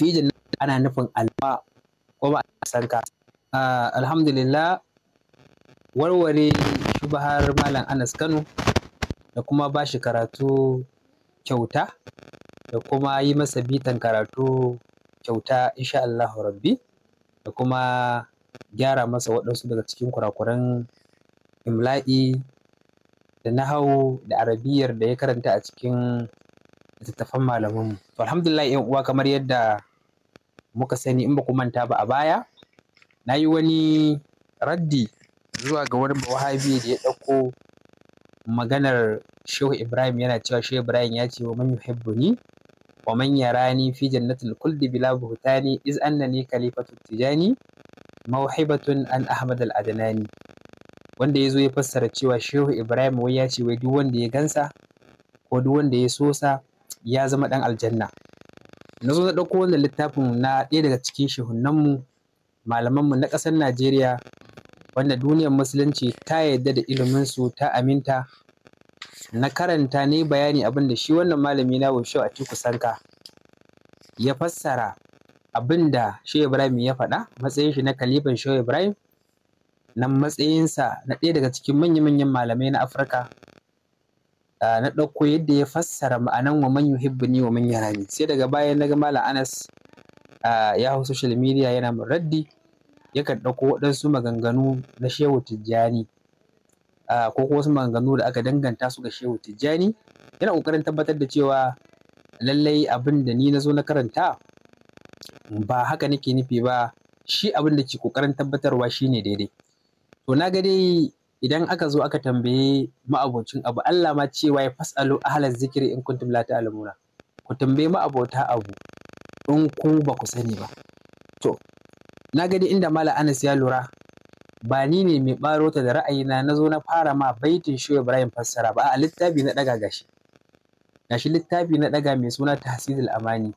fi na ana nufin alma ko ba a san ka ah, alhamdulillah warware shubahar malam Anas Kano da kuma ba shi karatu kyauta da kuma yi masa bitan karatu kyauta insha Allah rabbi da kuma gyara masa waɗansu daga cikin kurakuran imla'i da nahawu da arabiyar da ya karanta a cikin littattafan malamanmu alhamdulillah yan uwa kamar yadda muka sani in ba ku manta ba a baya na yi wani raddi zuwa ga wani wahabi da ya ɗauko maganar shehu ibrahim yana cewa shehu ibrahim ya ce wa man ni wa man rani fi jannatul kulli bila buhtani iz annani khalifatu tijani mawhibatun an ahmad al adnani wanda zo ya fassara cewa shehu ibrahim wai ya ce wai duk wanda ya gansa ko duk wanda ya sosa ya zama dan aljanna na zo na ɗauko wannan littafin na ɗaya daga cikin shehunanmu malamanmu na ƙasar najeriya wanda duniyar musulunci ta yarda da iliminsu ta aminta na karanta ne bayani abin da shi wannan malami na wushe a tiku sanka ya fassara abin da shehu ibrahim ya faɗa matsayin shi na kalifan shehu ibrahim nan matsayinsa na ɗaya daga cikin manya-manyan malamai na afirka Ah, na ɗauko yadda ya fassara ma'anan wa man yuhibbuni wa man yarani sai daga bayan na ga malam Anas ah, ya hau social media yana min raddi ya kan ɗauko waɗansu maganganu na Shehu Tijjani ah, ko kuma wasu maganganu da aka danganta su ga Shehu Tijjani yana ƙoƙarin tabbatar da cewa lallai abin da ni na zo na karanta ba haka nake nufi ba shi abin da ke ƙoƙarin tabbatarwa shine daidai to na ga dai idan aka zo aka tambaye ma'abocin abu Allah ma cewa ya fasalu ahlaz zikiri in kuntum la ta'lamuna ku tambaye ma'abota abu in ku ba ku sani ba to na gani inda mala Anas ya lura ba ni ne mai baro ta da ra'ayina na zo na fara ma baitin shi Ibrahim fassara ba a littafi na ɗaga gashi gashi littafi na ɗaga mai suna tahsidul amani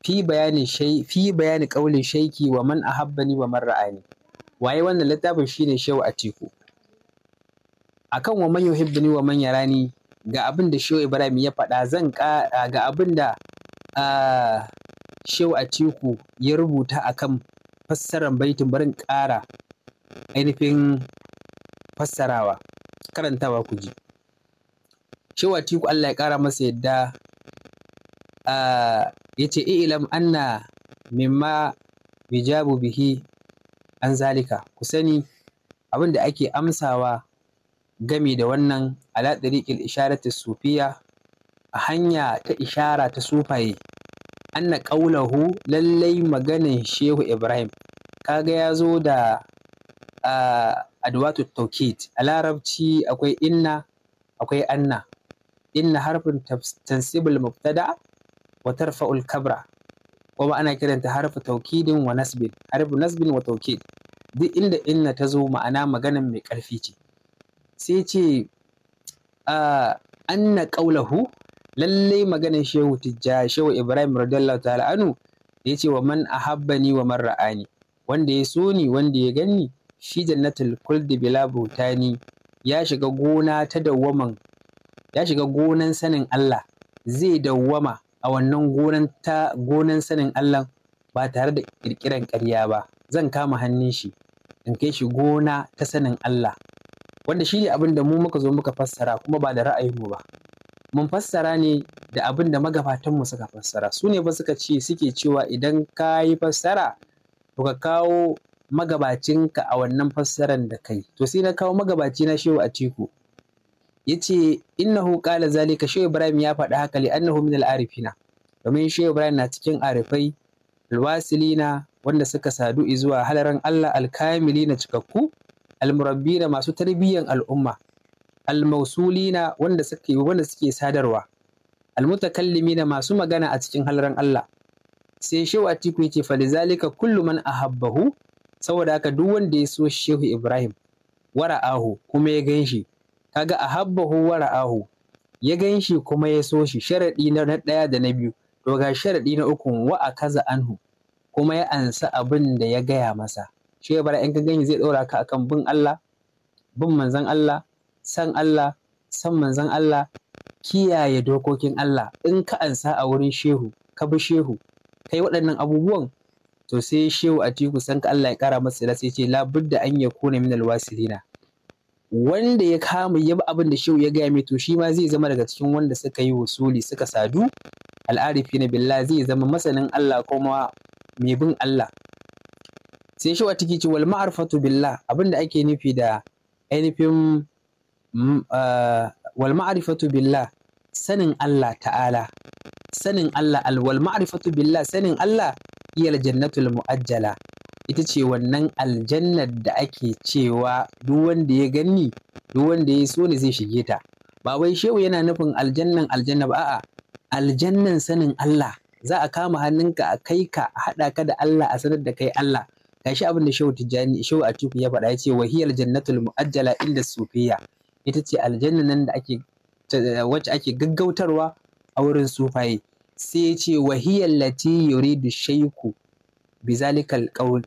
fi bayani shay fi bayani qaulin shayki wa man ahabbani wa man ra'ani waye wannan littafin shine shehu atiku akan wa man yuhibbuni wa man yarani ga abin da shehu ibrahim ya faɗa zan ga abin da shehu atiku ya rubuta akan fassarar baitin barin ƙara ainihin fassarawa karantawa ku ji shehu atiku allah ya ƙara masa yadda ya ce ilam anna mimma bijabu bihi an zalika ku sani abin da ake amsawa gami da wannan ala tariqil isharati sufiya a hanya ta ishara ta sufaye anna ƙaulahu lallai maganin shehu ibrahim kaga ya zo da adwatu tawkid a larabci akwai inna akwai anna inna harfin tansibul mubtada wa tarfa'ul kabra kuma ana kiranta harfa taukidin wa nasbin harfu nasbin wa taukid duk inda inna ta zo ma'ana maganan mai ƙarfi ce sai ce anna qaulahu lallai maganan shehu tijja shehu ibrahim radiyallahu ta'ala anu ya ce wa man ahabbani wa man ra'ani wanda ya so ni wanda ya gani shi jannatul kuldi bila butani ya shiga gona ta dawwaman ya shiga gonan sanin Allah zai dawwama a wannan gonan ta gonan sanin Allah ba tare da ƙirƙiran ƙarya ba zan kama hannun shi in kai shi gona ta sanin Allah wanda shi ne abin da mu muka zo muka fassara kuma ba da ra'ayinmu ba mun fassara ne da abin da magabatanmu suka fassara su ne ba suka ce suke cewa idan ka yi fassara to ka kawo magabacinka a wannan fassaran da kai to sai na kawo magabaci na shehu a ciku yace innahu qala zalika shehu ibrahim ya faɗi haka li annahu min al-arifina domin shehu ibrahim na cikin arifai alwasilina wanda suka sadu zuwa halaran Allah alkamilina cikakku al-murabbina masu tarbiyyan al'umma almasulina wanda suke wanda suke sadarwa al-mutakallimina masu magana a cikin halaran Allah sai shehu atiku yace falizalika kullu man ahabbahu saboda haka duk wanda ya so shehu ibrahim wara'ahu kuma ya ganshi kaga a habba wara Aho, ya gan shi kuma ya so shi sharaɗi na ɗaya da na biyu to ga sharaɗi na uku wa a kaza anhu kuma ya ansa abin da ya gaya masa shi ya bara in ka gani zai ɗora ka akan bin Allah bin manzon Allah san Allah san manzon Allah kiyaye dokokin Allah in ka ansa a wurin shehu ka bi shehu kai waɗannan abubuwan to sai shehu a tiku san ka Allah ya kara masa sai ce labudda an yakuna minal wasilina wanda ya kama ya abin da shehu ya gaya mai to shi ma zai zama daga cikin wanda suka yi wasuli suka sadu al'arifi na billah zai zama masanin Allah kuma mai bin Allah sai shi wata kici wal ma'rifatu billah abin da ake nufi da ainihin mm, wal ma'rifatu billah sanin Allah ta'ala sanin Allah al wal ma'rifatu billah sanin Allah iyal jannatul mu'ajjala ita ce wannan aljannar da ake cewa duk wanda ya ganni duk wanda ya so ne zai shige ta ba wai shehu yana nufin aljannan aljanna ba a'a aljannan sanin Allah za a kama hannunka a kai ka a haɗa ka da Allah a sanar da kai Allah gashi abin da shehu tijjani shehu atiku ya faɗa ya ce wahiyar jannatul mu'ajjala inda sufiya ita ce aljanna nan da ake wacce ake gaggautarwa a wurin sufaye sai ya ce wahiyar lati yuridu shaiku bizalikal qaul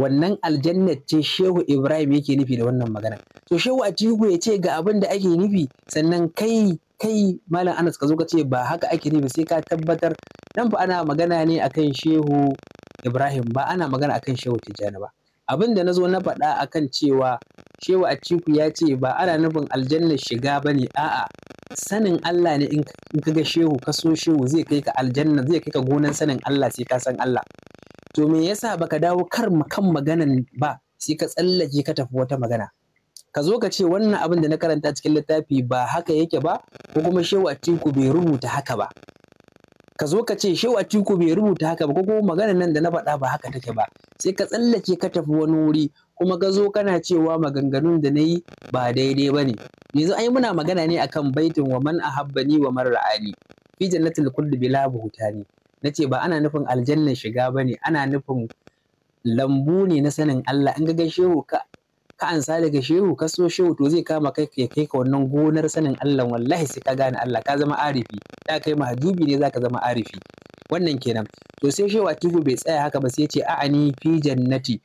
wannan aljannat ce shehu ibrahim yake nufi da wannan magana to shehu atiku ya ce ga abin da ake nufi sannan kai kai malam anas ka zo ka ce ba haka ake nufi sai ka tabbatar nan fa ana magana ne akan shehu ibrahim ba ana magana akan shehu tijjani ba abin da na zo na faɗa akan cewa shehu atiku ya ce ba ana nufin aljannar shiga ba ne a'a sanin Allah ne in ka ga shehu ka so shehu zai kai ka aljanna zai kai ka gonan sanin Allah sai ka san Allah to me yasa baka dawo kar kan maganan ba sai ka tsallake ka tafi wata magana ka zo ka ce wannan abin da na karanta cikin littafi ba haka yake ba ko kuma shehu atiku bai rubuta haka ba ka zo ka ce shehu atiku bai rubuta haka ba ko kuma maganan nan da na faɗa ba haka take ba sai ka tsallake ka tafi wani wuri kuma ka zo kana cewa maganganun da na yi ba daidai ba ne yanzu ai muna magana ne akan baitin wa man ahabbani wa man ra'ani fi jannatil kulli bila buhutani na ce ba ana nufin aljannan shiga ba ne ana nufin lambu ne na sanin Allah in ga shehu ka ka ansa daga shehu ka so shehu to zai kama kai ya kai ka wannan gonar sanin Allah wallahi sai ka gane Allah ka zama arifi da kai mahdubi ne zaka zama arifi wannan kenan to sai shehu bai tsaya haka ba sai ya ce ani fi jannati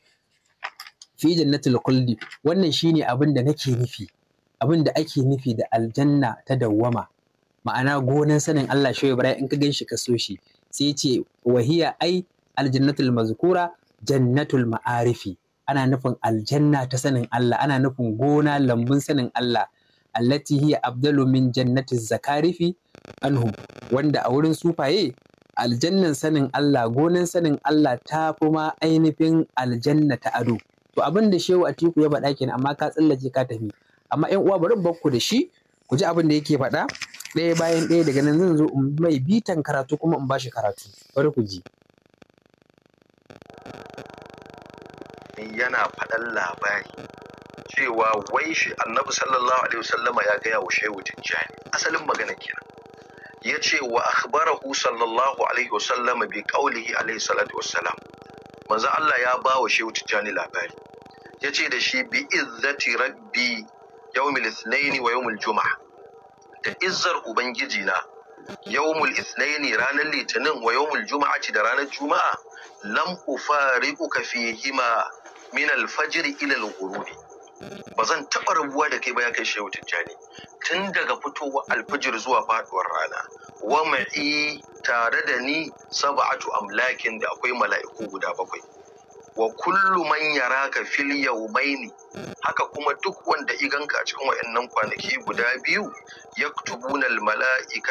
fi jannatul quldi wannan shine abin da nake nufi abin da ake nufi da aljanna ta dawwama ma'ana gonar sanin Allah shehu Ibrahim in ka gan shi ka so shi sai ce wahiya ai aljannatul mazkura jannatul ma'arifi ana nufin aljanna ta sanin Allah ana nufin gona lambun sanin Allah allati hiya abdalu min jannatiz zakarifi anhum wanda a wurin sufaye aljannan sanin Allah gonan sanin Allah ta kuma ainihin aljanna ta ado to abin da shehu atiku ya faɗa kenan amma ka tsallake ka tafi amma yan uwa bari bakku da shi ku ji abin da yake faɗa ɗaya bayan ɗaya daga nan zan zo in mai bitan karatu kuma in ba shi karatu bari ku ji yana faɗan labari cewa wai shi annabi sallallahu alaihi wasallama ya gaya wa shehu tijjani asalin magana kenan ya ce wa akhbarahu sallallahu alaihi wasallama bi qaulihi alaihi salatu wassalam manzo Allah ya ba wa shehu tijjani labari ya ce da shi bi izzati rabbi yawmil ithnaini wa yawmil juma'a da izzar ubangiji na yawmul ithnaini ranar litinin wa yawmul juma'ati da ranar juma'a lam ufariquka fihima min alfajr ila alghurubi ba zan taɓa rabuwa da kai ba ya kai shehu tijjani tun daga fitowa alfijir zuwa faɗuwar rana wa ma'i tare da ni sab'atu amlakin da akwai mala'iku guda bakwai wa kullu man yaraka fil yawmaini haka kuma duk wanda iganka a cikin wa'annan kwanaki guda biyu yaktubuna al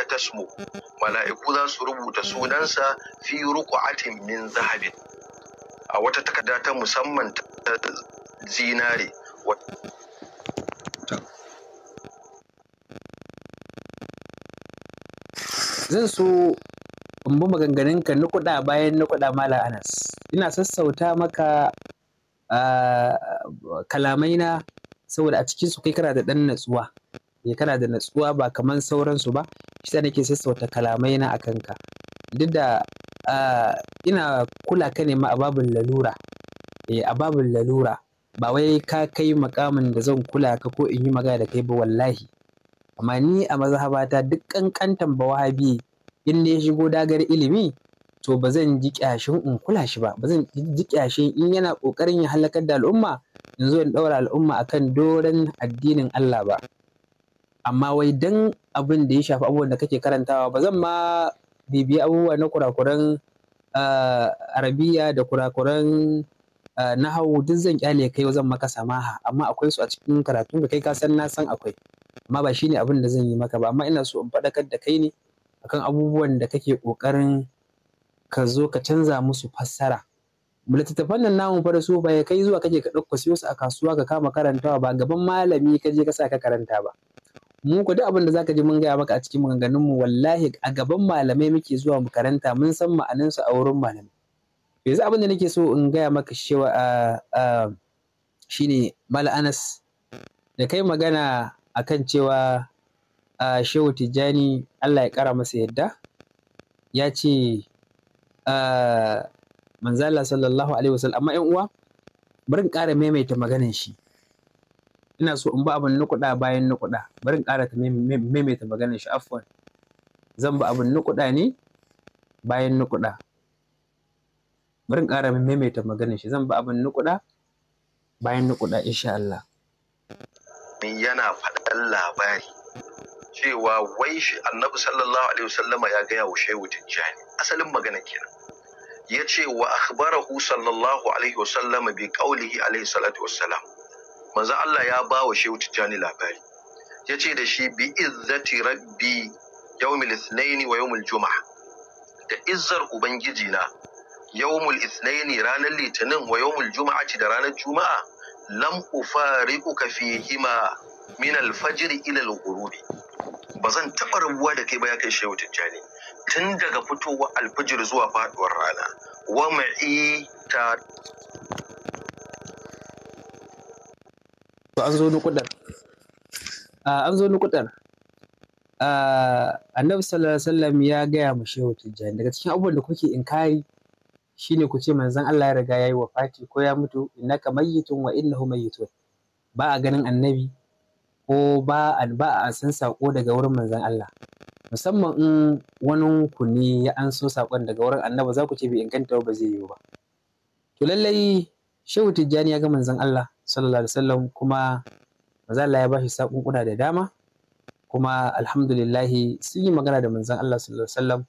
ta ismu mala'iku za su rubuta sunansa fi ruqatin min zahabin a wata takarda ta musamman ta zinare zan so in bi na nukuda bayan nukuda malam anas ina sassauta maka kalamai na saboda a cikinsu kai kana da ɗan natsuwa ya eh, kana da natsuwa ba kaman sauransu ba shi nake sassauta kalamai na akan ka duk da ina kula ka ne ma a babin lalura eh, a babin lalura ba wai ka kai makamin da zan kula ka ko in yi magana da kai ba wallahi amma ni a mazhabata duk kankantan ba wahabi in ya shigo dagar ilimi to ba zan ji kyashin in kula shi ba ba zan ji kyashin in yana kokarin ya halakar da al'umma in zo in daura al'umma akan doren addinin Allah ba amma wai dan abin da ya shafi abubuwan da kake karantawa ba zan ma bibiya abubuwa na kurakuran ah, arabiya da kurakuran ah, nahawu duk zan kyale kai zan maka samaha amma akwai su a cikin karatun da kai ka san na san akwai amma ba shine abin da zan yi maka ba amma ina so in faɗakar da kai ne akan abubuwan da kake ƙoƙarin ka zo ka canza musu fassara littattafan nan namu fa da su ba kai zuwa kake ka ɗauka siyo su a kasuwa ka kama karantawa ba gaban malami ka je ka sa ka karanta ba mu ku duk abin da zaka ji mun gaya maka a cikin maganganun mu wallahi a gaban malamai muke zuwa mu karanta mun san ma'anan a wurin malamai yanzu abin da nake so in gaya maka cewa shine mal anas da kai magana akan cewa uh, shehu tijjani allah ya kara masa yadda ya ce manzala sallallahu alaihi wasallam amma yan uwa bari in ƙara maimaita maganin shi ina so in ba abin nukuɗa bayan nukuɗa bari in ƙara maimaita maganin shi afwan zan ba abin nukuɗa ne bayan nukuɗa bari in ƙara maimaita maganin shi zan ba abin nukuɗa bayan nukuɗa insha Allah. Yana faɗan labari cewa wai shi annabi sallallahu alaihi wasallama ya gaya wa shehu tijjani asalin magana kenan ya ce wa akhbarahu sallallahu alaihi wasallama bi qaulihi alaihi salatu wassalam manzo Allah ya ba wa shehu tijjani labari ya ce da shi bi izzati rabbi yawmil ithnain wa yawmil juma'a da izzar ubangiji na yawmul ithnain ranar litinin wa yawmul juma'ati da ranar juma'a lam ufariquka fihima min alfajr ila alghurubi ba zan taɓa rabuwa da kai ba ya kai shehu tijjani tun daga fitowa alfijir zuwa faɗuwar rana wa ma'i ta an zo nukudar an zo nukudar annabi sallallahu alaihi wasallam ya gaya ma shehu tijjani daga cikin abubuwan da kuke inkari shine ku ce manzon Allah ya riga yayi wafati ko ya mutu innaka mayyitun wa innahu mayyitun ba a ganin annabi ko ba a san sako daga wurin manzon Allah musamman in wani ne ya anso saƙon daga wurin annabi za ku ce bai inganta ba zai yiwu ba to lallai shehu tijjani ya ga manzon Allah sallallahu alaihi wasallam kuma manzon Allah ya shi saƙonƙuna da dama kuma alhamdulillah sun yi magana da manzon Allah sallallahu alaihi wasallam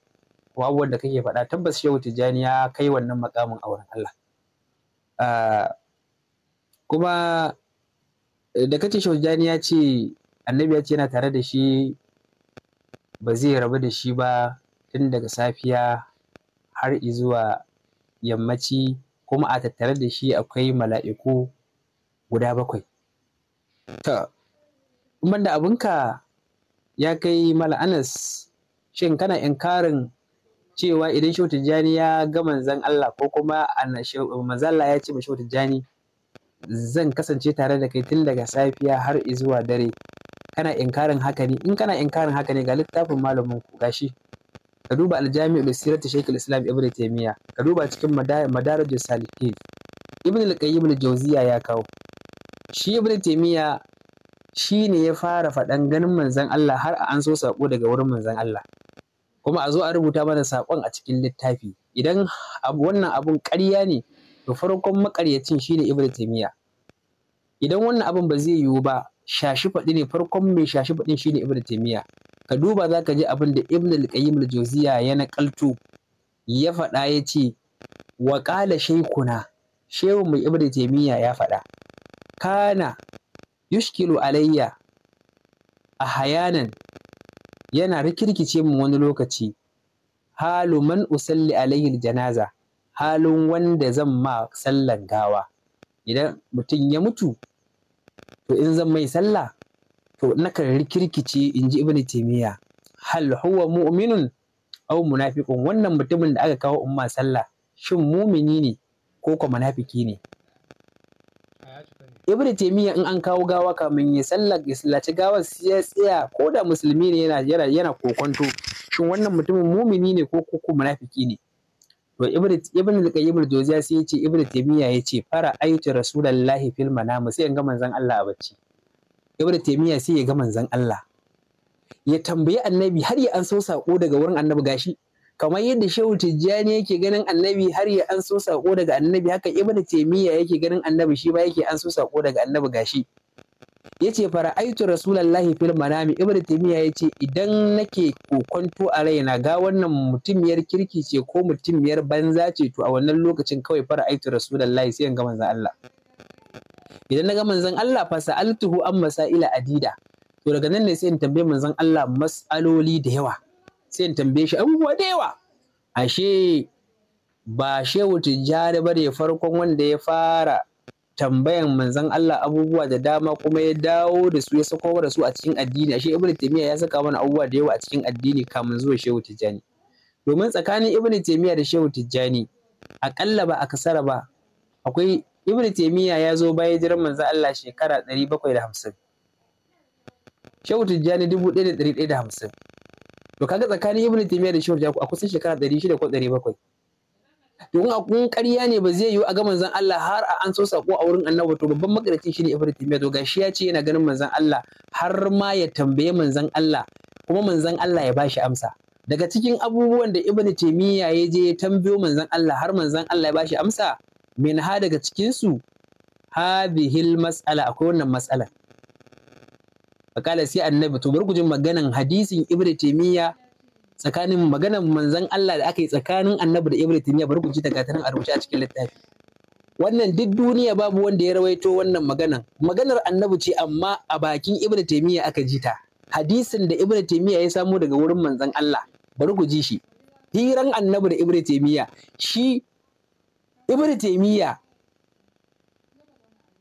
kuma abubuwan da kake faɗa tabbas shehu tijjani ya kai wannan makamin auren Allah ah, kuma da kace shaujani ya ce annabi ya ce yana tare da shi ba zai rabu da shi ba tun daga safiya har zuwa yammaci kuma a tattare da shi akwai mala'iku guda bakwai ta banda abinka ya kai mala'anas shin kana inkarin cewa idan shautar Jani ya ga manzan Allah ko kuma manzan Allah ya ce ma shautar Jani? zan kasance tare da kai tun daga safiya har zuwa dare kana inkarin haka ne in kana inkarin haka ne ga littafin malamin ku gashi ka duba aljami'u da sirrata shekul islam ibn taymiya ka duba cikin madarajar salihin ibn al-qayyim al-jawziya ya kawo shi ibn taymiya shi ne ya fara faɗan ganin manzon Allah har a an so sako daga wurin manzon Allah kuma a zo a rubuta mana sakon a cikin littafi idan wannan abun ƙarya ne to farkon makaryacin shine ibnu taymiya idan wannan abin ba zai yiwu ba shashi faɗi ne farkon mai shashi faɗin shine ibnu taymiya ka duba za ka ji abin da ibn al-qayyim al-jawziya ya nakaltu. ya faɗa ya ce wa qala shaykhuna shehun mai ibnu taymiya ya faɗa kana yushkilu alayya a hayanan yana rikirkice mu wani lokaci halu man usalli alayhi janaza halin wanda zan ma sallan gawa idan mutum ya mutu to in zan mai sallah to nakan rikirkice in ji ibnu taymiya hal huwa mu'minun aw munafiqun wannan mutumin da aka kawo umma salla shin mumini ne ko kuma munafiki ne ibnu taymiya in an kawo gawa kamin ya sallar islaci gawar ya tsaya ko da musulmi ne yana yana kokonto shin wannan mutumin mumini ne ko ko munafiki ne to ibn al-qayyim al-jawziya sai yace ibn taymiya yace fara aitu rasulullahi fil manam sai ga manzon Allah a bacci ibn taymiya sai ya ga manzon Allah ya tambayi annabi har ya anso sako daga wurin annabi gashi kamar yadda shehu tijjani yake ganin annabi har ya an sako daga annabi haka ibn taymiya yake ganin annabi shi ba yake an so sako daga annabi gashi Ya fara'aitu rasulullahi fil manami ibnu ya ce idan nake kokonto a raina ga wannan mutumiyar kirki ce ko mutumiyar banza ce to a wannan lokacin kawai fara'aitu rasulallahi sai in ga manzon Allah idan naga manzon Allah fa sa'altuhu an masaila adida to daga nan ne sai in tambaye manzon Allah mas'aloli da yawa sai in tambaye shi abubuwa da yawa ashe ba shehu tijjari bane farkon wanda ya fara tambayan manzon Allah abubuwa da dama kuma ya dawo da su ya sako da su a cikin addini ashe ibn taymiya ya saka mana abubuwa da yawa a cikin addini kamun zuwa shehu tijjani domin tsakanin ibn taymiya da shehu tijjani akalla ba a kasara ba akwai ibn taymiya ya zo bayan jiran manzon Allah shekara 750 shehu tijjani 1150 to kaga tsakanin ibn taymiya da shehu tijjani akwai kusan shekara 600 ko 700 domin a kun ƙarya ne ba zai yiwu a ga Manzan Allah har a an so sako a wurin annabi to babban makarci shine Ibn Taymiyyah to gashi ya ce yana ganin manzon Allah har ma ya tambaye manzon Allah kuma manzon Allah ya bashi amsa daga cikin abubuwan da Ibn Taymiyyah ya je ya tambayo Manzan Allah har manzon Allah ya bashi amsa min ha daga cikin su hadhihi mas'ala akwai wannan mas'alan kala sai annabi to bar ku jin maganan hadisin Ibn Taymiyyah tsakanin maganar manzan Allah da aka yi tsakanin annabi da Ibn Taymiyyah bari ku ji daga a rubuce a cikin littafi wannan duk duniya babu wanda ya rawaito wannan maganar maganar annabi ce amma a bakin Ibn Taymiyyah aka ji ta hadisin da Ibn Taymiyyah ya samo daga wurin manzan Allah bari ku ji shi hiran annabi da Ibn Taymiyyah shi Ibn Taymiyyah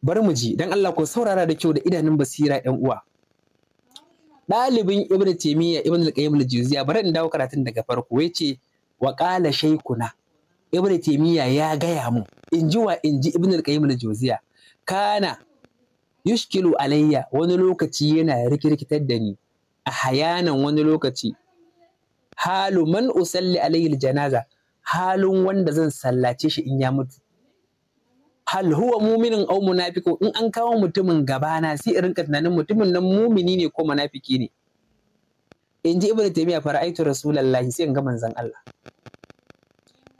bari mu ji dan Allah ko saurara da kyau da idanun basira 'yan uwa ɗalibin ibn taimiyya ibn al-qayyim al jauziya bari in dawo karatun daga farko yace wa qala shaykhuna ibn taimiyya ya gaya mu inji wa inji ibn al-qayyim al jauziya kana yushkilu alayya wani lokaci yana rikirkitar da ni a hayanan wani lokaci halu man usalli alayhi al-janaza halun wanda zan sallace shi in ya mutu hal huwa muminin au munafiku in an kawo mutumin gabana sai in rinka tunanin mutumin nan mumini ne ko munafiki ne in ji ibnu taymiya fara'aitu rasulullahi sai in ga manzon Allah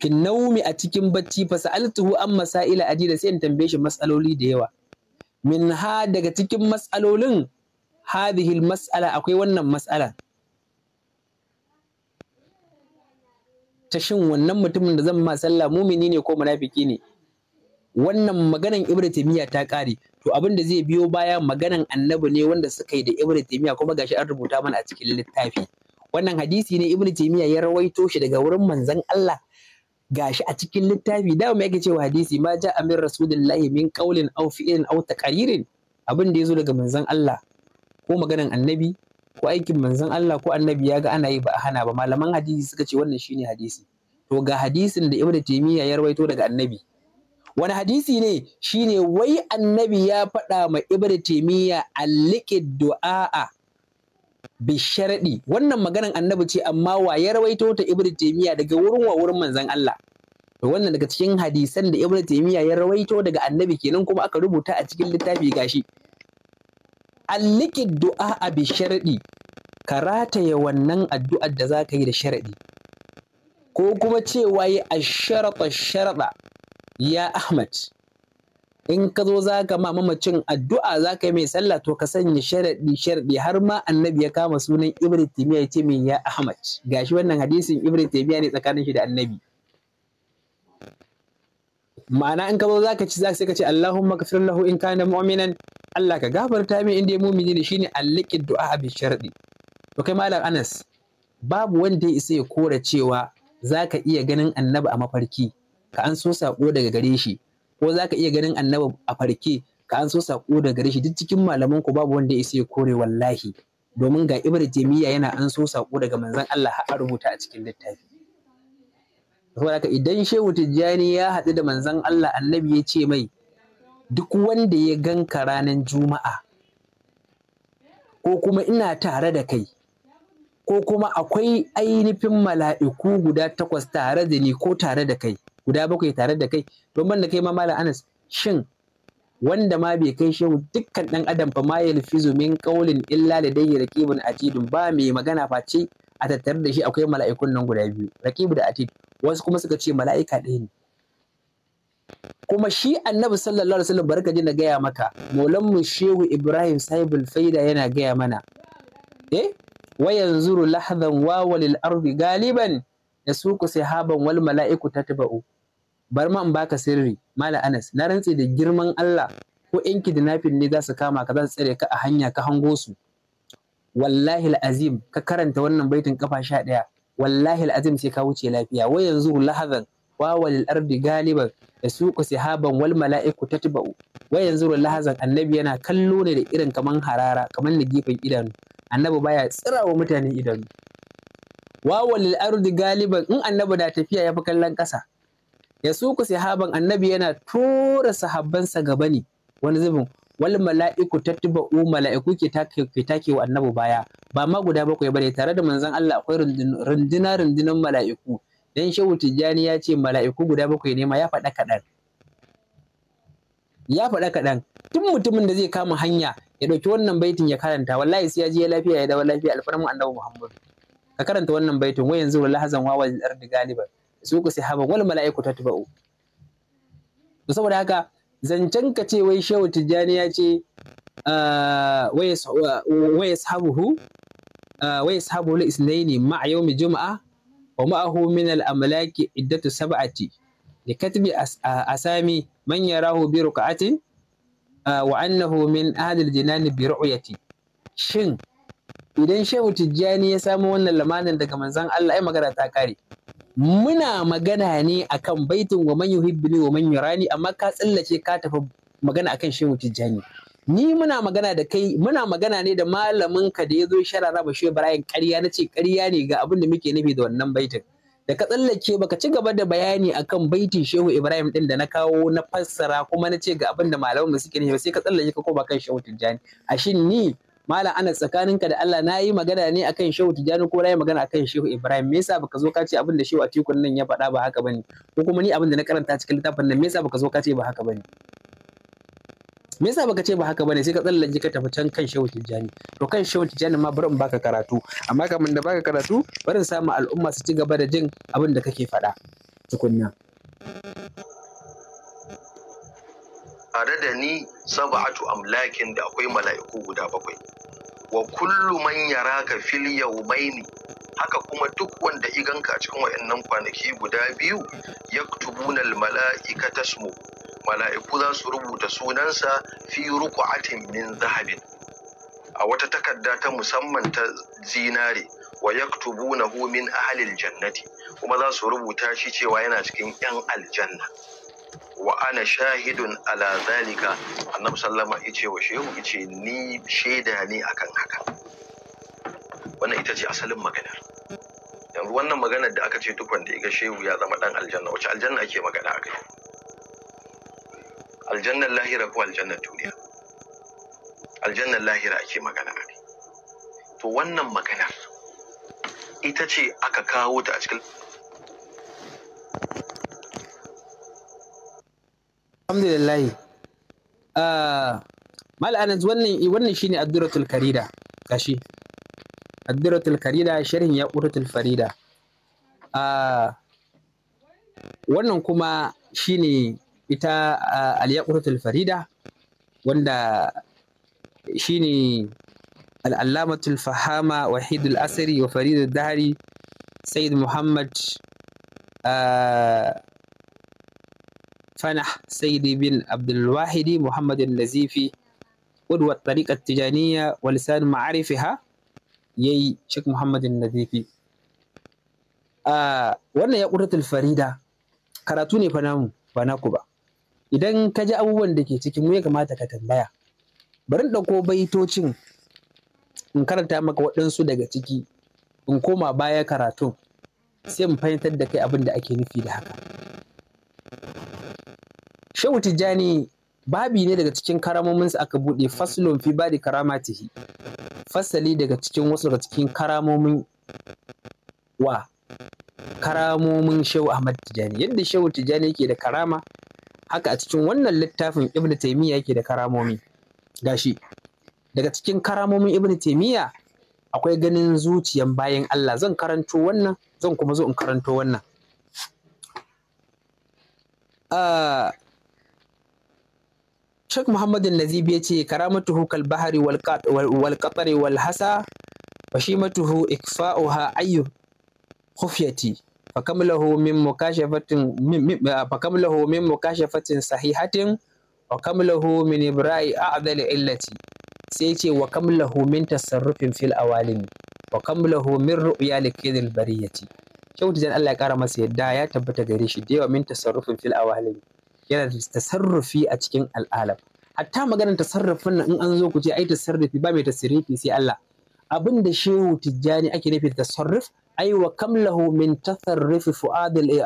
fin naumi a cikin bacci fa sa'altuhu an masaila adida sai in tambaye shi mas'aloli da yawa min ha daga cikin mas'alolin hadhihi mas'ala akwai wannan mas'ala ta shin wannan mutumin da zan ma sallah mumini ne ko munafiki ne wannan maganan ibnu taymiya ta kare to abin da zai biyo baya maganan annabi ne wanda suka yi da ibnu taymiya kuma gashi an rubuta mana a cikin littafi wannan hadisi ne ibnu taymiya ya rawaito shi daga wurin manzon Allah gashi a cikin littafi da mu yake cewa hadisi ma ja amir rasulullahi min qaulin aw fi'lin aw taqririn abin da yazo daga manzon Allah ko maganan annabi ko aikin manzon Allah ko annabi ya ga ana yi ba a hana ba malaman hadisi suka ce wannan shine hadisi to ga hadisin da ibnu taymiya ya rawaito daga annabi wani hadisi ne shine wai annabi ya faɗa ma ibnu taymiya alliqid du'a bisharadi wannan maganan annabi ce amma wa ya rawaito ta ibnu taymiya daga wurin wa wurin manzon Allah to wannan daga cikin hadisan da ibnu taymiya ya rawaito daga annabi kenan kuma aka rubuta a cikin littafi gashi alliqid du'a bisharadi ka rataye wannan addu'ar da zaka yi da sharadi ko kuma cewa yi asharata sharada ya Ahmad in ka zo za ka ma mamacin addu'a za ka yi mai sallah to ka sanya sharaɗi sharaɗi har ma annabi ya kama sunan Ibrahim taymiya ya ce min ya ahmad gashi wannan hadisin Ibrahim taymiya ne tsakanin shi da annabi ma'ana in ka zo za ka ci za ka ce allahumma kafir lahu in kana mu'minan allah ka gafarta min inda mu'mini ne shine alliki du'a bi sharaɗi to kai malam anas babu wanda ya isa ya kora cewa za ka iya ganin annabi a mafarki ka an so sako daga gare shi ko za ka iya ganin annaba a farke ka an so sako daga gare shi duk cikin malaman ku babu wanda ya sai kore wallahi domin ga ibar jamiya yana an so sako daga manzon Allah har rubuta a cikin littafi saboda idan shehu tijjani ya haɗu da manzon Allah annabi ya ce mai duk wanda ya ganka ranar juma'a ko kuma ina tare da kai ko kuma akwai ainihin mala'iku guda takwas tare da ni ko tare da kai guda bakwai tare da kai don ban da kai ma malam anas shin wanda ma bai kai shehu dukkan ɗan adam fa ma yalfizu min qawlin illa ladayhi raqibun atidun ba mai magana face a tattare da shi akwai mala'ikun nan guda biyu raqibu da atid wasu kuma suka ce mala'ika ɗaya ne kuma shi annabi sallallahu alaihi wasallam barka na gaya maka maulan mu shehu ibrahim sahibul faida yana gaya mana eh wa yanzuru lahzan wa walil ardi galiban yasuqu sahaban wal mala'iku tatba'u bar ma in baka sirri mala anas na rantse da girman Allah ko yan kidnapping ne za su kama ka za tsare ka a hanya ka hango su wallahi azim ka karanta wannan baitin kafa sha ɗaya wallahi azim sai ka wuce lafiya wai yanzu lahazan wawal ardi galiban da suku sihaban wal mala'iku tatba'u wai yanzu lahazan annabi yana kallo ne da irin kaman harara kaman da gefen idanu annabi baya wa mutane idanu wawal ardi galiban in annabi da tafiya ya fi kallon ƙasa ya suku sahaban annabi yana tura sahabbansa gaba ne wani zubin wal mala'iku tatba'u mala'iku ke take wa annabi baya ba ma guda bakwai bane tare da manzon Allah akwai runduna rundunan mala'iku dan shehu tijjani ya ce mala'iku guda bakwai ne ma ya faɗa kaɗan ya faɗa kaɗan tun mutumin da zai kama hanya ya ɗauki wannan baitin ya karanta wallahi sai ya je lafiya ya dawo lafiya alfarmu annabi muhammad ka karanta wannan baitin wai yanzu wallahi hazan wawa da galibin. Su ku sahaban wal mala'iku tatba'u to saboda haka zancen ka ce wai shehu tijjani ya ce ah, wai yashabuhu ah, wai yashabuhu al-islaini ma'a yawmi juma'a wa ma'ahu min al-amlaki iddatu sab'ati li katbi ah, asami man yarahu bi ruk'atin wa annahu min ahli al-jinan bi ru'yati shin idan shehu tijjani ya samu wannan lamanin daga manzon Allah ai magana ta kare muna magana ne akan baitin wa man yuhibbuni wa man yurani amma ka tsallace ka tafi magana akan shehu tijjani ni muna magana da kai muna magana ne da malamin ka da ya zo sharara ba shehu ibrahim ƙarya na ce ƙarya ne ga abin da muke nufi da wannan baitin da ka tsallake baka ci gaba da bayani akan baitin shehu ibrahim ɗin da na kawo na fassara kuma na ce ga abin da malamin mu suke nufi sai ka tsallake ka koma kan shehu tijjani ashin ni mala ana tsakaninka da Allah na yi magana ne akan shehu tijjani ko na yi magana akan shehu ibrahim me yasa baka zo ka ce abin da shehu atiku nan ya faɗa ba haka bane ko kuma ni abin da na karanta cikin littafin nan me yasa baka zo ka ce ba haka bane me yasa baka ce ba haka bane sai ka tsallake ka tafi can kan shehu tijjani to kan shehu tijjani ma bari in baka karatu amma kamar da baka karatu bari in samu al'umma su ci gaba da jin abin da kake faɗa tukunna tare da ni sab'atu amlakin da akwai mala'iku guda bakwai wa kullu man yaraka fil yawmaini haka kuma duk wanda iganka a cikin wayannan kwanaki guda biyu yaktubuna al mala'ikata mala'iku za su rubuta sunansa fi ruku'atin min zahabin a wata takarda ta musamman ta zinare wa yaktubunahu min ahlil jannati kuma za su rubuta shi cewa yana cikin yan aljanna wa ana shahidun ala zalika annabi sallama yace wa shehu ce ni shaida ne akan haka wannan ita ce asalin maganar yanzu wannan maganar da aka ce duk wanda ya ga shehu ya zama dan aljanna wace aljanna ake magana a kai aljannar lahira ko aljannar duniya aljannar lahira ake magana a kai to wannan maganar ita ce aka kawo ta a cikin alhamdulillahi ah, mal anas wannan karida gashi karida sharhin farida ah, wannan kuma shine ita ah, farida wanda shine al-allamatul fahama wahidul asiri wa faridul dahri sayyid muhammad فنح سيدي بن عبد الواحد محمد النزيفي قدوة الطريقة التجانية ولسان معارفها يي شيخ محمد النزيفي آه wannan ya ƙudatul farida karatu ne fa namu ba idan ka ji abubuwan da ke cikin mu ya kamata ka tambaya bari ɗauko baitocin in karanta maka waɗansu daga ciki in koma baya karatun sai in fahimtar da kai abin da ake nufi da haka shehu tijjani babi ne daga cikin karamomin su aka buɗe faslun fi badi karamatihi fasali daga cikin wasu daga cikin karamomin wa karamomin shehu ahmad tijjani yadda shehu tijjani yake da karama haka a cikin wannan littafin ibn taimiyya yake da karamomi gashi daga cikin karamomin ibn taimiyya akwai ganin zuciyan bayan allah zan karanto wannan zan kuma zo in karanto wannan ah, Sheikh Muhammad Nazib ya ce karamatuhu kal bahari wal qatari wal hasa wa shimatuhu ikfa'uha ayyu khufyati fakamilahu min mukashafatin ah, min mukashafatin sahihatin wa kamilahu min ibra'i a'dal illati sai ce wa kamilahu min tasarrufin fil awalin wa kamilahu min ru'ya likidil bariyati kyautu dan Allah ya kara masa yadda ya tabbata gare shi da yawa min tasarrufin fil awalin yana da tasarrufi a cikin al'alam hatta maganar tasarrufin nan in an zo ku ce ai tasarrufi ba mai tasarrufi sai Allah abin da shehu tijjani ake nufi da tasarruf ai wa kamlahu min tasarrufi fu'adil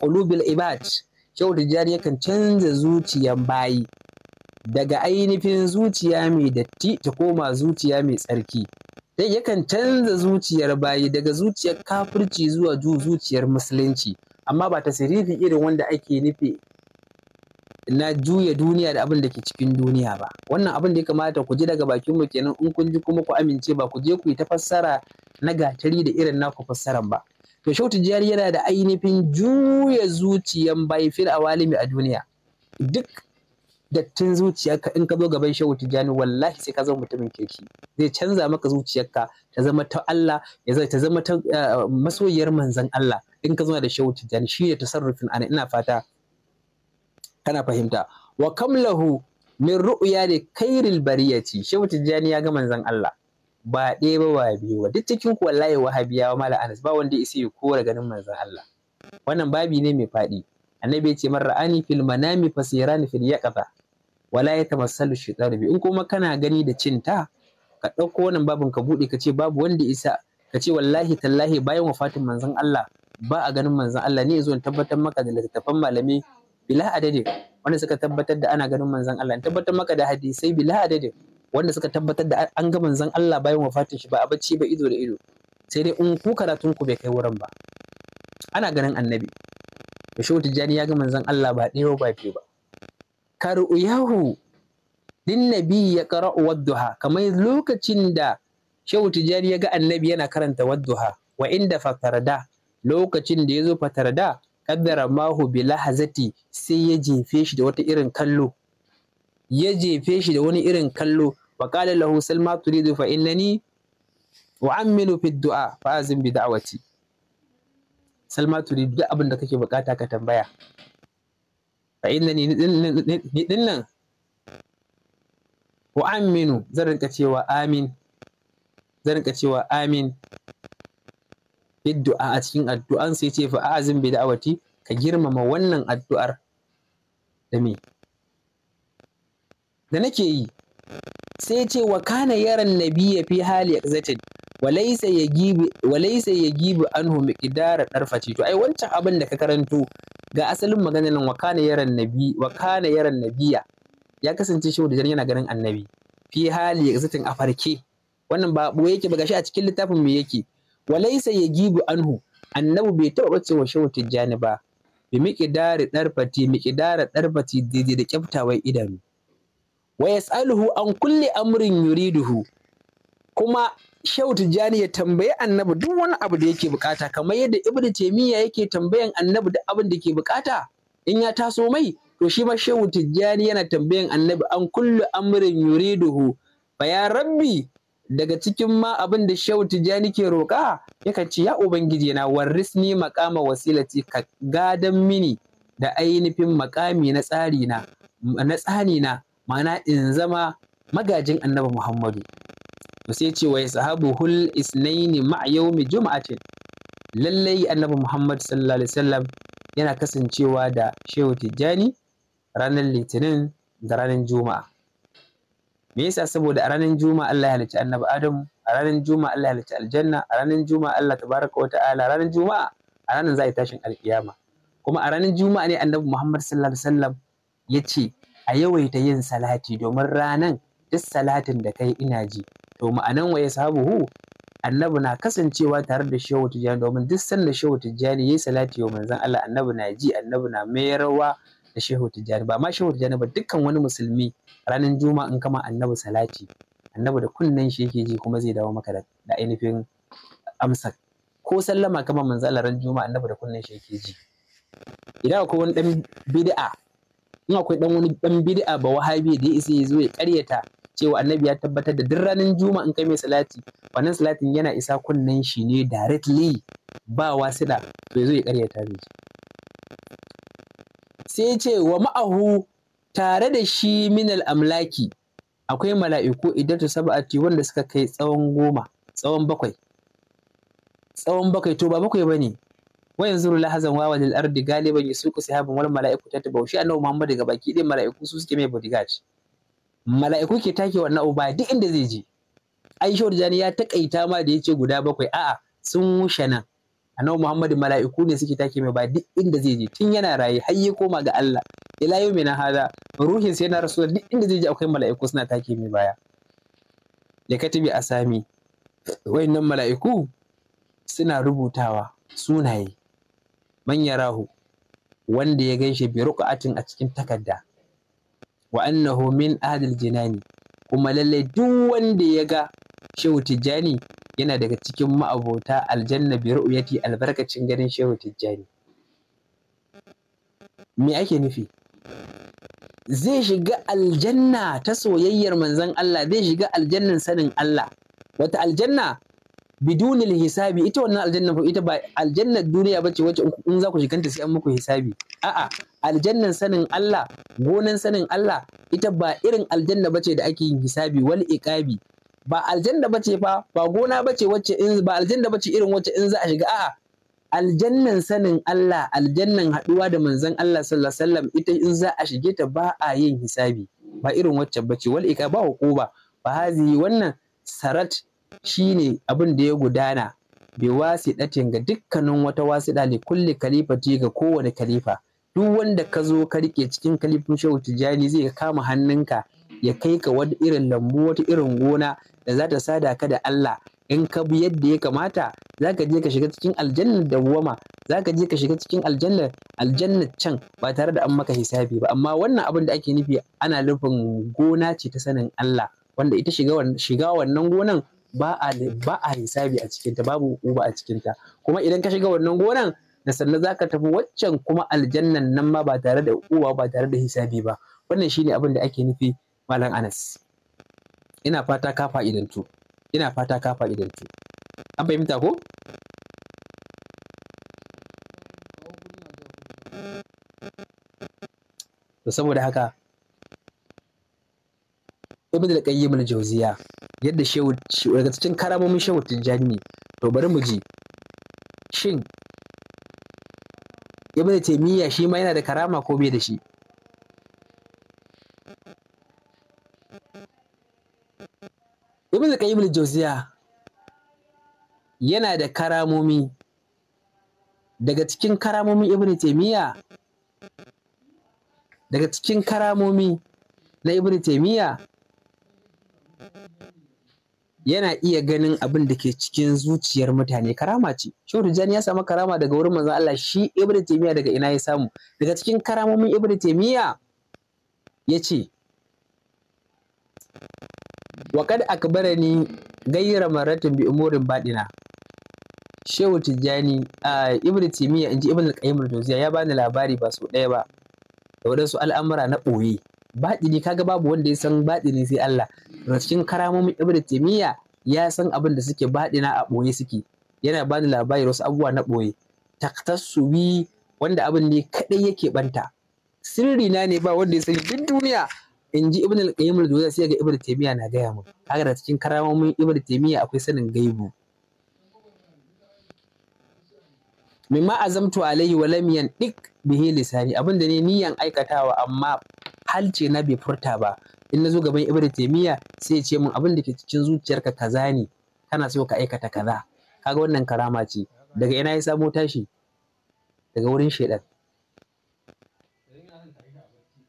qulubil ibad shehu tijjani yakan canza zuciyan bayi daga ainihin zuciya mai datti ta koma zuciya mai tsarki dai yakan canza zuciyar bayi daga zuciyar kafirci zuwa zuciyar musulunci amma ba tasirifi irin wanda ake nufi na juya duniya da abin da ke cikin duniya ba wannan abin da ya kamata ku je daga bakin mu kenan in kun ji kuma ku amince ba ku je ku yi ta fassara na gatari da irin naku fassaran ba to shautu jiyar yana da ainihin juya zuciyan bai fil awalimi a duniya duk dattin zuciyarka in ka zo gaban shehu tijjani wallahi sai ka zama mutumin kirki zai canza maka zuciyarka ta zama ta Allah ya zai ta zama ta eh, masoyiyar manzon Allah in ka zo da shehu tijjani shi ne tasarrufin ana ina fata kana fahimta wa kam lahu min ru'ya da kairil bariyati shehu tijjani ya ga manzon Allah ba ɗaya ba ba biyu ba duk cikin ku wallahi wahabiyawa mala anas ba wanda isa ya kora ganin manzon Allah wannan babi ne mai faɗi annabi ya ce man ra'ani fil manami fasirani fil yaqza wala yatamassalu tamassalu shaytanu bi in kuma kana gani da cinta ka ɗauko wannan babin ka buɗe ka ce babu wanda isa ka ce wallahi tallahi bayan wafatin manzon Allah ba a ganin manzon Allah ne zo tabbatar maka da littattafan malami bila adadin wanda suka tabbatar da ana ganin manzon Allah tabbatar maka da hadisai bila adadin wanda suka tabbatar da an ga manzon Allah bayan wafatin shi ba a bacci ba ido da ido sai dai in ku karatun ku bai kai wurin ba ana ganin annabi da shehu tijjani ya ga manzon Allah ba ɗaya ba biyu ba uyahu din nabi ya qara'u wadduha kamar lokacin da shehu tijani ya ga annabi yana karanta wadduha wa inda fatarda lokacin da ya zo fatarda kaddara mahu bi lahazati sai ya jefe shi da wata irin kallo ya jefe shi da wani irin kallo wa qala lahu salma turidu fa innani u'ammilu fi du'a fa azim bi da'wati salma turidu duk abin da kake bukata ka tambaya fa innani ni dinnan u'amminu zan rinka cewa amin zan rinka cewa amin bid a cikin addu'an sai ce fa azim bi da'awati ka girmama wannan addu'ar da me da nake yi sai ce wa kana yaran nabiyya fi hali exated walaysa yajibu walaysa yajibu anhu miqdara darfati to ai wancan abin da ka karanto ga asalin maganar nan wa kana yaran nabi wa kana yaran nabiyya ya kasance shi da yana ganin annabi fi hali exated a farke wannan ba boye yake ba gashi a cikin littafin me yake walaisa ya gibu anhu annabi bai taɓa bace wa shehu tijjani ba bi miƙidari miki miƙidara ɗarfati daidai da kyaftawar idanu wa yas'aluhu an kulli amrin yuriduhu kuma shehu tijjani ya tambayi annabi duk wani abu da yake bukata kamar yadda ibnu taymiya yake tambayan annabi duk abin da ke bukata in ya taso mai to shi ma shehu tijjani yana tambayan annabi an kullu amrin yuriduhu fa ya rabbi daga cikin ma abin da Shehu Tijjani ke roƙa yakan ce ya ubangiji na Warris warrisni makama wasilati ka gadan mini da ainihin makami na tsari na na tsani na ma'ana in zama magajin Annabi Muhammadu to sai ce wa sahabu hul isnaini ma yaumi jum'atin lallai Annabi Muhammad sallallahu alaihi wasallam yana kasancewa da Shehu Tijjani ranar Litinin da ranar Juma'a me yasa saboda a ranar juma'a Allah ya halicci annabi Adamu a ranar juma'a Allah ya halicci aljanna a ranar juma'a Allah tabaraka wata'ala a ranar juma'a a ranar za a yi tashin alkiyama kuma a ranar juma'a ne annabi Muhammad sallallahu alaihi wasallam ya ce a yawaita yin salati domin ranan duk salatin da kai ina ji to ma'anan wa hu, annabi na kasancewa tare da shehu tijjani domin duk sanda shehu tijjani yayi salati wa manzon Allah annabi na ji annabi na mayarwa Da shehu tijjani ba ma shehu tijjani ba dukkan wani musulmi ranar juma'a in kama annabi salati annabi da kunnen shi yake ji kuma zai dawo maka da ainihin amsa ko sallama kama manzala ran juma'a annabi da kunnen shi yake ji idan akwai wani dan bid'a in akwai dan wani dan bid'a ba wahabi da ya isa ya zo ya karyata cewa annabi ya tabbatar da duk ranar juma'a in kai salati wannan salatin yana isa kunnen shi ne directly ba wasila to ya zo ya karyata mai sai ce wa ma'ahu tare da shi minal amlaki akwai mala'iku idan idatu sab'ati wanda suka kai tsawon goma tsawon bakwai tsawon bakwai to ba bakwai bane wa yanzuru lahazan wa walil ardi galiban yasuqu sahabun wal mala'iku tatbau shi annabi Muhammad ga baki dai mala'iku su suke mai bodyguard mala'iku ke take wannan uba duk inda zai je Aisha Jani ya takaita ma da ya ce guda bakwai a'a sun wuce nan annabi Muhammad mala'iku ne suke take mai ba duk inda zai je tun yana raye har ya koma ga Allah ila yau na hada ruhin sai na rasu duk inda zai je akwai mala'iku suna take mai baya ya a Sami, wayannan mala'iku suna rubutawa sunaye Manyan Rahu, wanda ya gaishe bi ruqatin a cikin takarda wa annahu min adil jinani kuma lallai duk wanda ya ga shehu tijjani yana daga cikin ma'abota aljanna bi ru'yati albarkacin ganin shehu tijjani me ake nufi zai shiga aljanna ta soyayyar manzon Allah zai shiga aljannan sanin Allah wata aljanna bidunil hisabi ita wannan aljanna ita ba aljannar duniya bace wacce in za ku shiganta sai an muku hisabi a'a aljannan sanin Allah gonan sanin Allah ita ba irin aljanna bace da ake yin hisabi wal iqabi ba aljanna bace fa ba gona bace wacce in ba aljanna bace irin wacce in za a shiga a'a aljannan sanin Allah aljannan haɗuwa da manzon Allah sallallahu alaihi wasallam ita in za a shige ta ba a yin hisabi ba irin wacce bace wal ika ba hukuba ba hazi wannan sarat shine abin da ya gudana bi wasiɗatin ga dukkanin wata wasiɗa ne kulli kalifati ga kowane kalifa duk wanda ka zo ka rike cikin kalifin shehu tijjani zai kama hannunka ya kai ka wani irin lambu wata irin gona da za ta sada ka da Allah in ka bi yadda ya kamata za ka je ka shiga cikin aljannar dawwama za ka je ka shiga cikin aljannar aljannar can ba tare da an maka hisabi ba amma wannan abin da ake nufi ana nufin gona ce ta sanin Allah wanda ita shiga wannan gonan ba a ba a hisabi a cikinta babu uba a cikinta kuma idan ka shiga wannan gonan da sannan zaka tafi waccan kuma aljannan nan ma ba tare da uwa ba tare da hisabi ba wannan shine abin da ake nufi Malam Anas. Ina fata ka fa'idantu. Ina fata ka fa'idantu. An fahimta ko? To saboda haka Ibn al-Qayyim al-Jawziya yadda shehu daga cikin karamomin shehu Tijjani to bari mu ji shin Ibn Taymiyyah shi ma yana da karama ko bai da shi? ibn qayyim al-jawziya yana da karamomi daga cikin karamomi ibn taymiya daga cikin karamomi na ibn yana iya ganin abin da ke cikin zuciyar mutane karama ce shehu ya samu karama daga wurin manzon Allah shi ibn taymiya daga ina ya samu daga cikin karamomin ibn ya yace wa kad akbarani gayyara maratin bi umurin badina shehu tijjani a ibn timiya inji ibn al-qayyim al ya bani labari ba su ɗaya ba da wadansu al'amura na ɓoye baɗini kaga babu wanda ya san baɗini sai Allah da cikin karamomin ibn timiya ya san abin da suke baɗina a ɓoye suke yana bani labari wasu abubuwa na ɓoye taktassu bi wanda abin ne kadai yake ɓanta sirri na ne ba wanda ya sani duk duniya in ji ibn al-qayyim al ga ibn taymiya na gaya mu haka da cikin karamomin ibn taymiya akwai sanin gaibu mimma azamtu alaihi wa lam yandik bihi lisani abinda ne niyan aikatawa amma halce na bai furta ba in nazo gaban ibn taymiya sai ya ce min abin da ke cikin zuciyarka kaza ne kana so ka aikata kaza kaga wannan karama ce daga ina ya samo tashi daga wurin shaidan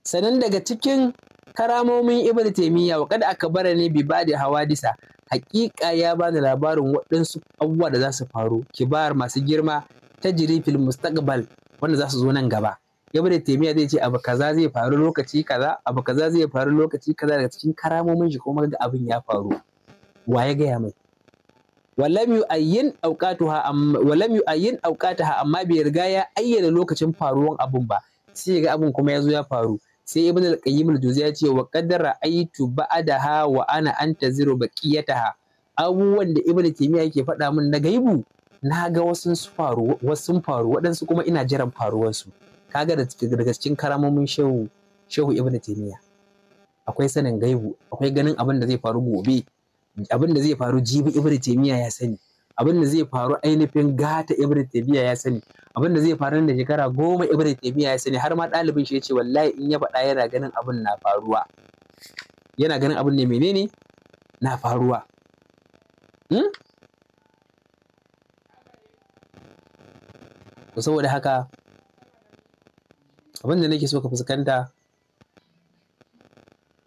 sanan daga cikin karamomin ibn taimiyya wa kada aka bara ne bi bada hawadisa haƙiƙa ya bani labarin waɗansu abubuwa da za su faru kibar masu girma ta jirifil mustaqbal wanda za su zo nan gaba ibn taimiyya zai ce abu kaza zai faru lokaci kaza abu kaza zai faru lokaci kaza daga cikin karamomin shi kuma ga abin ya faru wa ya gaya mai walam yu'ayyin awqatuha walam yu'ayyin amma bai riga ya ayyana lokacin faruwan abun ba sai ga abun kuma yazo ya faru sai ibn al-qayyim al-juzayy ya ce wa qaddara aitu ba'daha wa ana antaziru baqiyataha abubuwan da ibn taymiya yake faɗa min na gaibu na ga wasu faru wasu faru waɗansu kuma ina jiran faruwar su kaga daga cikin karamomin shehu shehu ibn taymiya akwai sanin gaibu akwai ganin abin da zai faru gobe abin da zai faru jibi ibn taymiya ya sani abin da zai faru ainihin gata ibrahim tabiya ya sani abin da zai faru da shekara goma ibrahim tabiya ya sani har ma ɗalibin shi ya ce wallahi in ya faɗa yana ganin abin na faruwa yana ganin abin ne menene na faruwa hmm? saboda haka abin da nake so ka fuskanta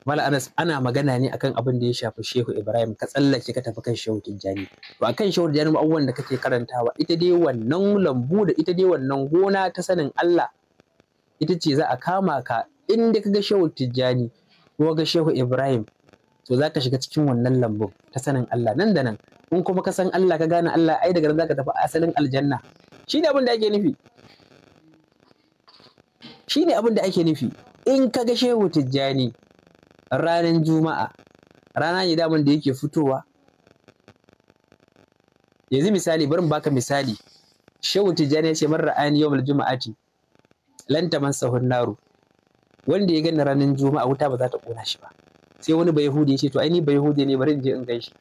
Mala Anas ana magana ne akan abin da ya shafi Shehu Ibrahim ka tsallake ka tafi kan Shehu Tijjani. To akan Shehu Tijjani abubuwan da kake karantawa ita dai wannan lambu da ita dai wannan gona ta sanin Allah ita ce za a kama ka inda ka ga Shehu Tijjani ko ga Shehu Ibrahim to za ka shiga cikin wannan lambun ta sanin Allah nan da nan in kuma ka san Allah ka gane Allah ai daga nan za ka tafi asalin aljanna ne abin da ake nufi ne abin da ake nufi in ka ga Shehu Tijjani ranar juma'a rana ne daman da yake fitowa yanzu misali barin baka misali shehu tijjani ya ce mar ra'ani yawmal juma'ati lan sahun naru wanda ya gani ranar juma'a wuta ba za ta kona shi ba sai wani bai hudu ya ce to aini ni bai yahudi ne bari in je in gaishe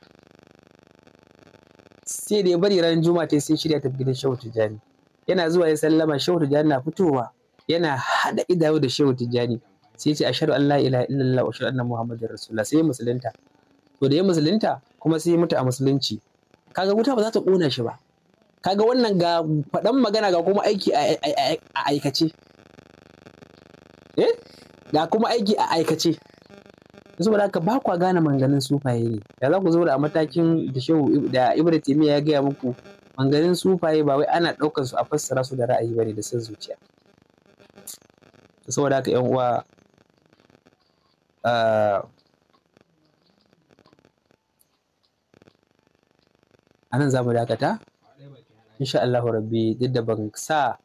sai da ya bari ranar juma'a ta sai shirya tafi gidan shehu tijjani yana zuwa ya sallama shehu tijjani na fitowa yana haɗa idanu da shehu tijjani sai ce ashhadu an la ilaha illallah wa ashhadu anna muhammadar rasulullah sai musulunta to da ya musulunta kuma sai mutu a musulunci kaga wuta ba za ta kona shi ba kaga wannan ga faɗan magana ga kuma aiki a aikace eh ga kuma aiki a aikace saboda ka ba kwa gane manganin sufaye ne da za ku zo da matakin da shehu da Ibrahim taymiya ya gaya muku manganin sufaye ba wai ana ɗaukar su a fassara su da ra'ayi ba ne da son zuciya saboda haka yan uwa a nan za mu dakata insha Allah rabbi duk da ban sa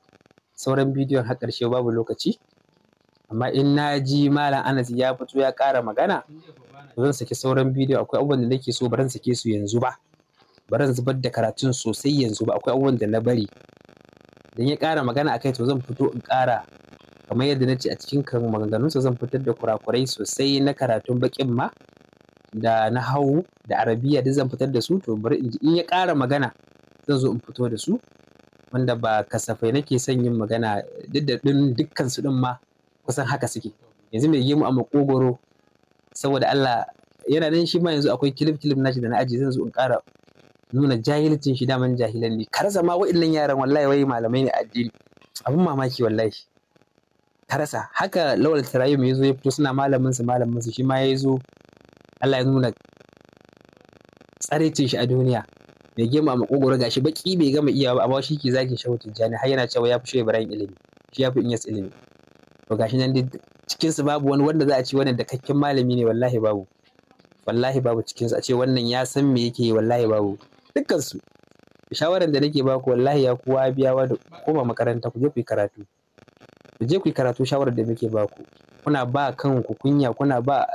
sauran bidiyon har ƙarshe babu lokaci amma in na ji malam Anas ya fito ya ƙara magana zan saki sauran bidiyo akwai abubuwan da nake so ba zan sake su yanzu ba ba zubar da karatun sosai yanzu ba akwai abubuwan da na bari dan ya ƙara magana akai to zan fito in ƙara kamar yadda na ce a cikin kan zan fitar da kurakurai sosai na karatun bakin ma da na hau da arabiya duk zan fitar da su to bari in ji in ya ƙara magana zan zo in fito da su wanda ba kasafai nake son yin magana duk da ɗin dukkan su ɗin ma kusan haka suke yanzu mai gemu a makogoro saboda Allah yana nan shi ma yanzu akwai kilif kilif nashi da na aji zan zo in ƙara nuna jahilcin shi daman jahilan ne karsa ma yaran wallahi wai malamai ne addini abin mamaki wallahi ta rasa haka lawal tarayyum ya zo ya fito suna malamin su malamin su shi ma ya zo Allah ya nuna tsarecin shi a duniya bai gema a makogoro gashi baki bai gama iya ba amma shi ke zaki shehu jani har yana cewa ya fi shi ibrahim ilimi shi ya fi inyas ilimi to gashi nan duk cikin su babu wani wanda za a ce wannan da kakkin malami ne wallahi babu wallahi babu cikin su a ce wannan ya san me yake wallahi babu dukkan su shawaran da nake baku wallahi ya kowa biyawa da koma makaranta ku je ku yi karatu je ku yi karatu shawarar da muke ba ku kuna ba kanku kunya kuna ba